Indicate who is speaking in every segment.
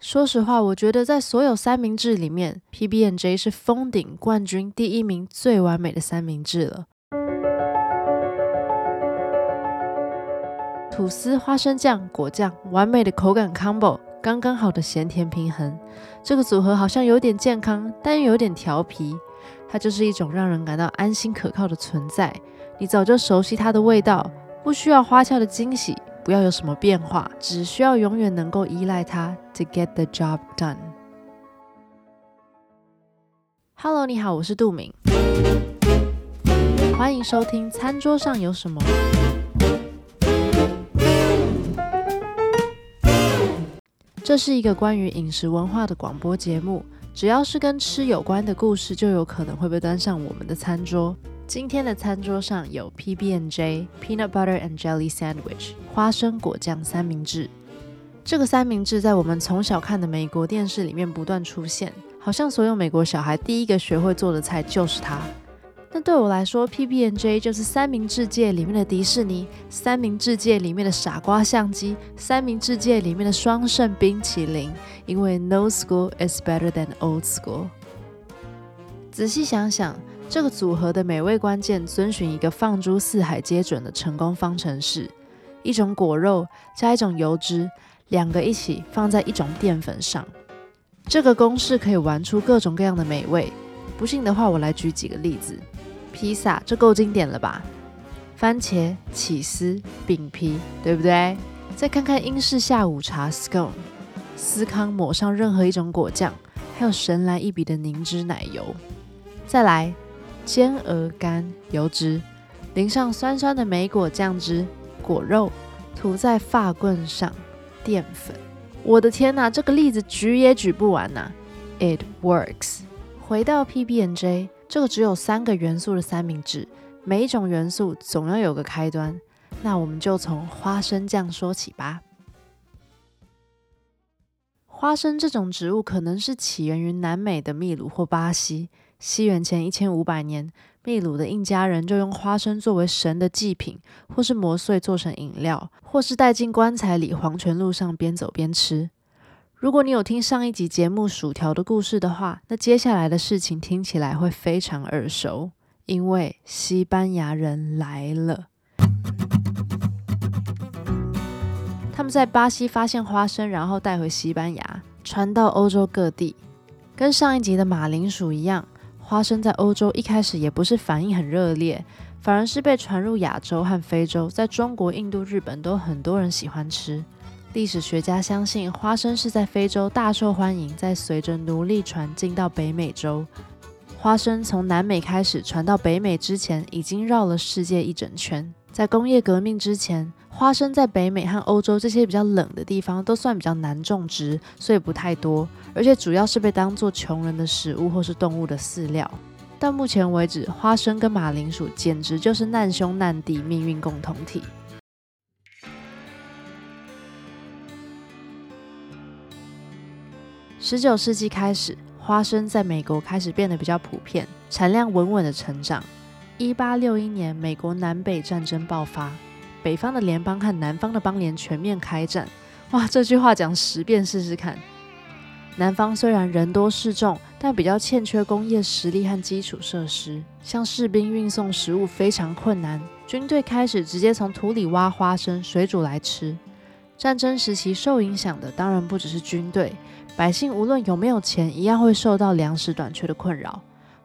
Speaker 1: 說實話，我覺得在所有三明治裡面，PB&J 是封頂冠軍第一名最完美的三明治了。吐司、花生醬、果醬，完美的口感 combo，剛剛好的鹹甜平衡。這個組合好像有點健康，但又有點調皮。它就是一種讓人感到安心可靠的存在。你早就熟悉它的味道，不需要花俏的驚喜。不要有什麼變化，只需要永遠能夠依賴它 to get the job done。Hello，你好，我是杜明，歡迎收聽《餐桌上有什麼》。這是一個關於飲食文化的廣播節目，只要是跟吃有關的故事，就有可能會被端上我們的餐桌。今天的餐桌上有 PB&J Peanut Butter and Jelly Sandwich 花生果醬三明治。這個三明治在我們從小看的美國電視裡面不斷出現，好像所有美國小孩第一個學會做的菜就是它。但對我來說，PB&J 就是三明治界裡面的迪士尼，三明治界裡面的傻瓜相機，三明治界裡面的雙聖冰淇淋。因為 No school is better than old school。仔細想想。這個組合的美味關鍵遵循一個放諸四海皆準的成功方程式：一種果肉加一種油脂，兩個一起放在一種澱粉上。這個公式可以玩出各種各樣的美味。不信的話，我來舉幾個例子：披薩，這夠經典了吧？番茄、起司、餅皮，對不對？再看看英式下午茶，scone，司康，抹上任何一種果醬，還有神來一筆的凝脂奶油。再來。煎鵝肝油脂，淋上酸酸的莓果醬汁，果肉塗在法棍上，澱粉。我的天哪，這個例子舉也舉不完吶、啊！It works。回到 PB&J，這個只有三個元素的三明治，每一種元素總要有個開端，那我們就從花生醬說起吧。花生這種植物可能是起源於南美的秘魯或巴西。西元前一千五百年，秘魯的印加人就用花生作為神的祭品，或是磨碎做成飲料，或是帶進棺材裡，黃泉路上邊走邊吃。如果你有聽上一集節目《薯條的故事》的話，那接下來的事情聽起來會非常耳熟，因為西班牙人來了。在巴西發現花生，然後帶回西班牙，傳到歐洲各地，跟上一集的馬鈴薯一樣，花生在歐洲一開始也不是反應很熱烈，反而是被傳入亞洲和非洲，在中國、印度、日本都很多人喜歡吃。歷史學家相信，花生是在非洲大受歡迎，再隨着奴隸船進到北美洲。花生從南美開始傳到北美之前，已經繞了世界一整圈。在工業革命之前。花生在北美和歐洲這些比較冷的地方都算比較難種植，所以不太多，而且主要是被當做窮人的食物或是動物的飼料。到目前為止，花生跟馬鈴薯簡直就是難兄難弟，命運共同體。十九世紀開始，花生在美國開始變得比較普遍，產量穩穩的成長。一八六一年，美國南北戰爭爆發。北方的聯邦和南方的邦聯全面開戰。哇，這句話講十遍試試看。南方雖然人多勢眾，但比較欠缺工業實力和基礎設施，向士兵運送食物非常困難。軍隊開始直接從土裡挖花生，水煮來吃。戰爭時期受影響的當然不只是軍隊，百姓無論有沒有錢，一樣會受到糧食短缺的困擾。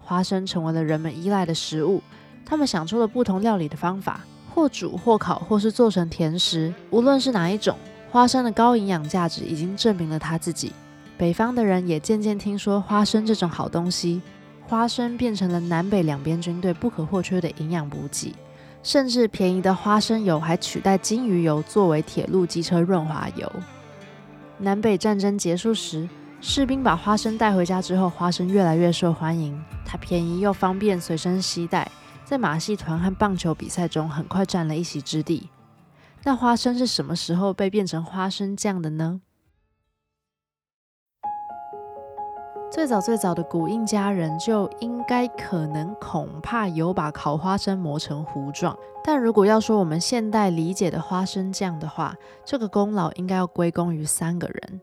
Speaker 1: 花生成為了人們依賴的食物，他們想出了不同料理的方法。或煮或烤，或是做成甜食，無論是哪一種，花生的高營養價值已經證明了它自己。北方的人也漸漸聽說花生這種好東西，花生變成了南北兩邊軍隊不可或缺的營養補給，甚至便宜的花生油還取代鯨魚油，作為鐵路機車潤滑油。南北戰爭結束時，士兵把花生帶回家之後，花生越來越受歡迎，它便宜又方便隨身攜帶。在馬戲團和棒球比賽中很快佔了一席之地。那花生是什麼時候被變成花生醬的呢？最早最早的古印加人就應該可能恐怕有把烤花生磨成糊狀，但如果要說我們現代理解的花生醬的話，這個功勞應該要歸功於三個人。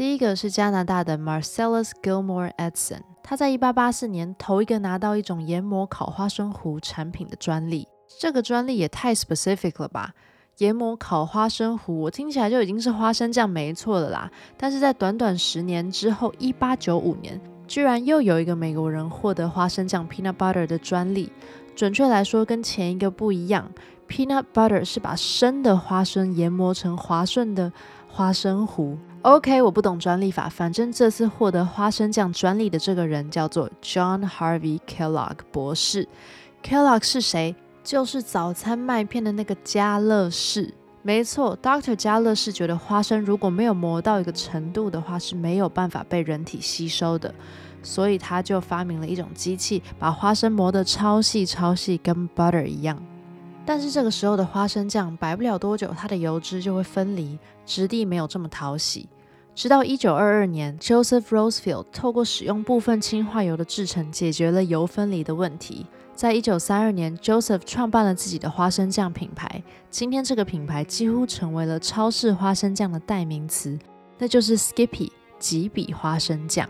Speaker 1: 第一個是加拿大的 Marcellus Gilmore e d s o n，他在一八八四年頭一個拿到一種研磨烤花生糊產品的專利。這個專利也太 specific 了吧？研磨烤花生糊，我聽起來就已經是花生醬沒錯了啦。但是在短短十年之後，一八九五年，居然又有一個美國人獲得花生醬 peanut butter 的專利。準確來說，跟前一個不一樣，peanut butter 是把生的花生研磨成滑順的花生糊。OK，我不懂專利法，反正這次獲得花生醬專利的這個人叫做 John Harvey Kellogg 博士。Kellogg 是誰？就是早餐麥片的那個家樂氏。沒錯，Dr. 家樂氏覺得花生如果沒有磨到一個程度的話是沒有辦法被人體吸收的，所以他就發明了一種機器，把花生磨得超細超細，跟 butter 一樣。但是這個時候的花生醬擺不了多久，它的油脂就會分離，質地沒有這麼討喜。直到一九二二年，Joseph Rosefield 透過使用部分氫化油的製程，解決了油分離的問題。在一九三二年，Joseph 創辦了自己的花生醬品牌。今天這個品牌幾乎成為了超市花生醬的代名詞，那就是 Skippy 吉比花生醬。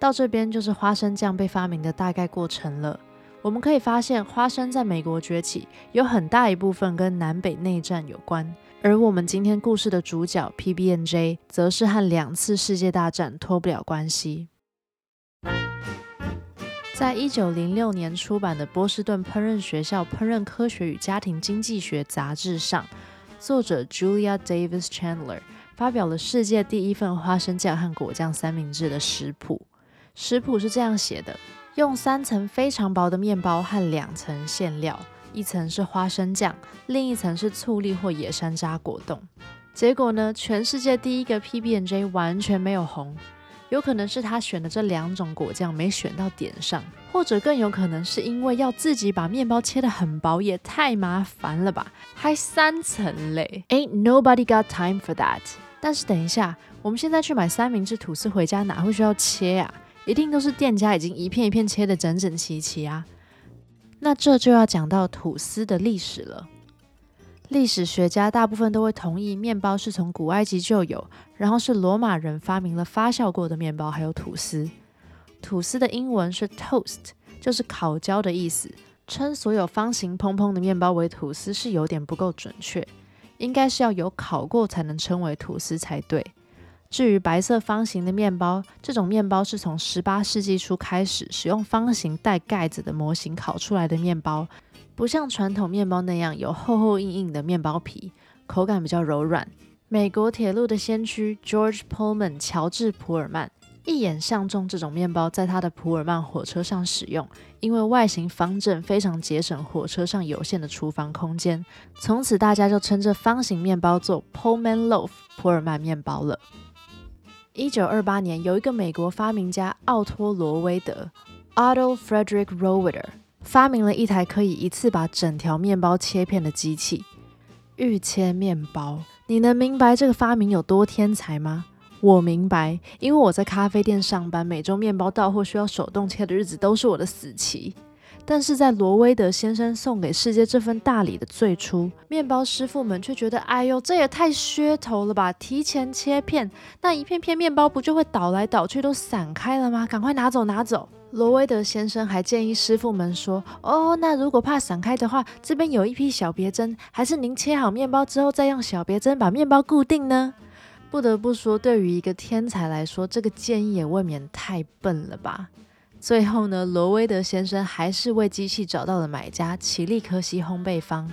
Speaker 1: 到這邊就是花生醬被發明的大概過程了。我們可以發現，花生在美國崛起有很大一部分跟南北內戰有關，而我們今天故事的主角 PB&J，則是和兩次世界大戰脫不了關係。在一九零六年出版的《波士頓烹飪學校烹飪科學與家庭經濟學》雜誌上，作者 Julia Davis Chandler 發表了世界第一份花生醬和果醬三明治的食譜。食譜是這樣寫的。用三層非常薄的麵包和兩層餡料，一層是花生醬，另一層是醋栗或野山楂果凍。結果呢，全世界第一個 PB&J 完全沒有紅，有可能是他選的這兩種果醬沒選到點上，或者更有可能是因為要自己把麵包切得很薄也太麻煩了吧，還三層嘞，Ain't nobody got time for that。但是等一下，我們現在去買三明治吐司回家，哪會需要切啊？一定都是店家已經一片一片切的整整齊齊啊。那這就要講到吐司的歷史了。歷史學家大部分都會同意，麵包是從古埃及就有，然後是羅馬人發明了發酵過的麵包，還有吐司。吐司的英文是 toast，就是烤焦的意思。稱所有方形蓬蓬的麵包為吐司是有點不夠準確，應該是要有烤過才能稱為吐司才對。至於白色方形的麵包，這種麵包是從十八世紀初開始使用方形帶蓋子的模型烤出來的麵包，不像傳統麵包那樣有厚厚硬硬的麵包皮，口感比較柔軟。美國鐵路的先驅 George Pullman 喬治普爾曼一眼相中這種麵包，在他的普爾曼火車上使用，因為外形方正，非常節省火車上有限的廚房空間。從此大家就稱這方形麵包做 Pullman Loaf 普爾曼麵包了。一九二八年，有一個美國發明家奧托·羅威德 （Otto Frederick r o w e d e r 發明了一台可以一次把整條麵包切片的機器——預切麵包。你能明白這個發明有多天才嗎？我明白，因為我在咖啡店上班，每周麵包到貨需要手動切的日子都是我的死期。但是在羅威德先生送給世界這份大禮的最初，麵包師傅們卻覺得，哎呦，這也太噱頭了吧！提前切片，那一片片麵包不就會倒來倒去都散開了嗎？趕快拿走，拿走！羅威德先生還建議師傅們說，哦，那如果怕散開的話，這邊有一批小別針，還是您切好面包之後再用小別針把麵包固定呢？不得不說，對於一個天才來說，這個建議也未免太笨了吧。最後呢，羅威德先生還是為機器找到了買家——奇利科西烘焙坊。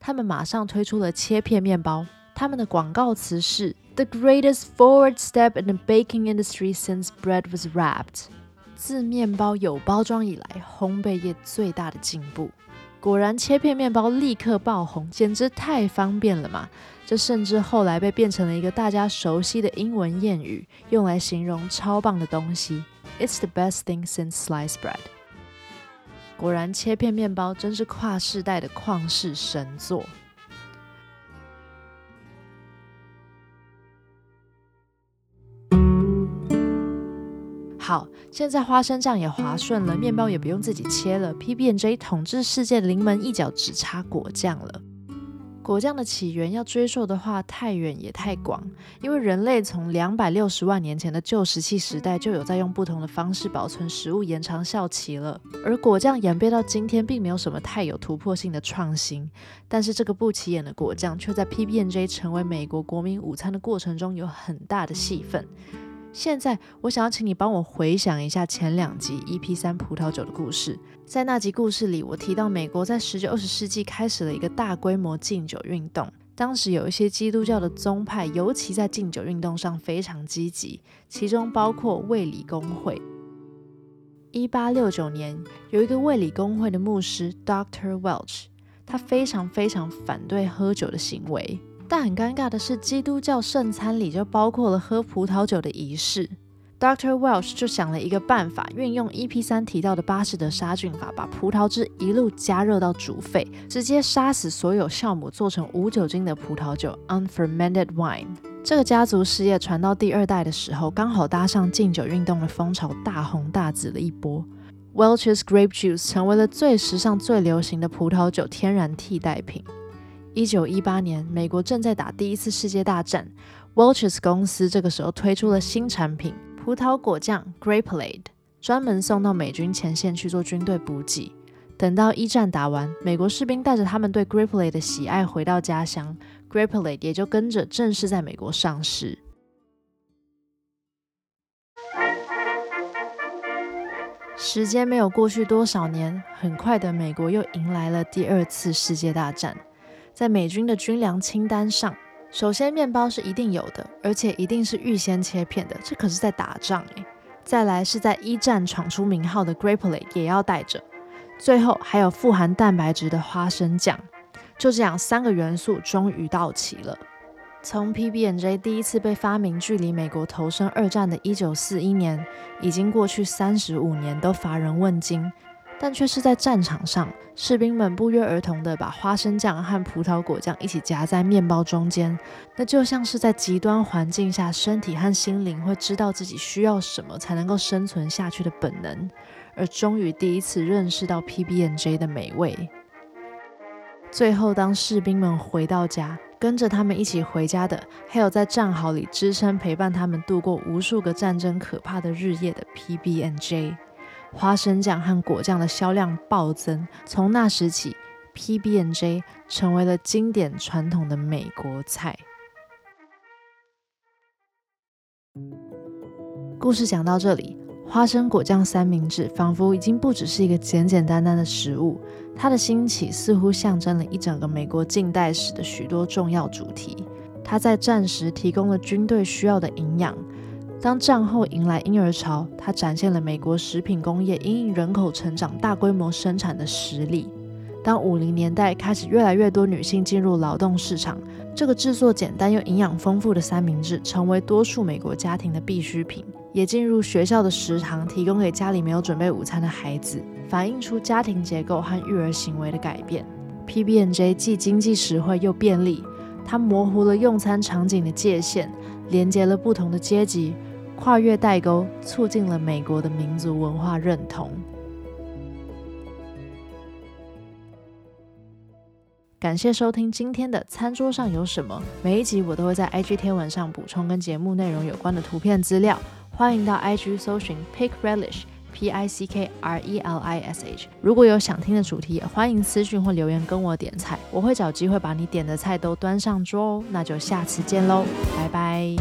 Speaker 1: 他們馬上推出了切片麵包。他們的廣告詞是：“The greatest forward step in the baking industry since bread was wrapped.” 自面包有包裝以來，烘焙業最大的進步。果然，切片麵包立刻爆紅，簡直太方便了嘛！這甚至後來被變成了一個大家熟悉的英文諺語，用來形容超棒的東西。It's the best thing since sliced bread。果然，切片麵包真是跨世代的曠世神作。好，現在花生醬也滑順了，麵包也不用自己切了，PB&J 統治世界的臨門一腳，只差果醬了。果醬的起源要追溯的話，太遠也太廣，因為人類從兩百六十萬年前的舊石器時代就有在用不同的方式保存食物、延長效期了。而果醬演變到今天，並沒有什麼太有突破性的創新。但是這個不起眼的果醬，卻在 PB&J 成為美國國民午餐的過程中有很大的戲份。現在，我想要請你幫我回想一下前兩集 EP3 葡萄酒的故事。在那集故事裡，我提到美國在十九、二十世紀開始了一個大規模禁酒運動。當時有一些基督教的宗派，尤其在禁酒運動上非常積極，其中包括衛理公會。一八六九年，有一個衛理公會的牧師 Dr. Welch，他非常非常反對喝酒的行為。但很尷尬的是，基督教聖餐裡就包括了喝葡萄酒的儀式。Dr. Welch 就想了一個辦法，運用 EP3 提到的巴斯德殺菌法，把葡萄汁一路加熱到煮沸，直接殺死所有酵母，做成無酒精的葡萄酒 （Unfermented Wine）。這個家族事業傳到第二代的時候，剛好搭上禁酒運動的風潮，大紅大紫了一波。Welch's Grape Juice 成為了最時尚、最流行的葡萄酒天然替代品。一九一八年，美國正在打第一次世界大戰。Welch's 公司這個時候推出了新產品——葡萄果醬 （Grapelade），專門送到美軍前線去做軍隊補給。等到一戰打完，美國士兵帶着他們對 Grapelade 的喜愛回到家鄉，Grapelade 也就跟着正式在美國上市。時間沒有過去多少年，很快的，美國又迎來了第二次世界大戰。在美軍的軍糧清單上，首先麵包是一定有的，而且一定是預先切片的，這可是在打仗誒、欸，再來是在一戰闖出名號的 Grapelade 也要帶着，最後還有富含蛋白質的花生醬。就這樣三個元素終於到齊了。從 PB&J 第一次被發明，距離美國投身二戰的一九四一年已經過去三十五年，都乏人問津。但卻是在戰場上，士兵們不約而同地把花生醬和葡萄果醬一起夾在麵包中間，那就像是在極端環境下，身體和心靈會知道自己需要什麼才能夠生存下去的本能，而終於第一次認識到 PB&J 的美味。最後，當士兵們回到家，跟着他們一起回家的，還有在戰壕裡支撐陪伴他們度過無數個戰爭可怕的日夜的 PB&J。花生醬和果醬的銷量暴增，從那時起，PB&J 成為了經典傳統的美國菜。故事講到這裡，花生果醬三明治仿佛已經不只是一個簡簡單單的食物，它的興起似乎象徵了一整個美國近代史的許多重要主題。它在戰時提供了軍隊需要的營養。當戰後迎來嬰兒潮，它展現了美國食品工業因應人口成長、大規模生產的實力。當五零年代開始，越來越多女性進入勞動市場，這個製作簡單又營養豐富的三明治成為多數美國家庭的必需品，也進入學校的食堂，提供給家裡沒有準備午餐的孩子，反映出家庭結構和育兒行為的改變。PB&J 既經濟實惠又便利，它模糊了用餐場景的界限。連接了不同的階級，跨越代溝，促進了美國的民族文化認同。感謝收聽今天的《餐桌上有什麼》。每一集我都會在 IG 天文上補充跟節目內容有關的圖片資料，歡迎到 IG 搜尋 pickrelish。P I C K R E L I S H。如果有想聽的主題，也歡迎私訊或留言跟我點菜，我會找機會把你點的菜都端上桌哦。那就下次見嘍，拜拜。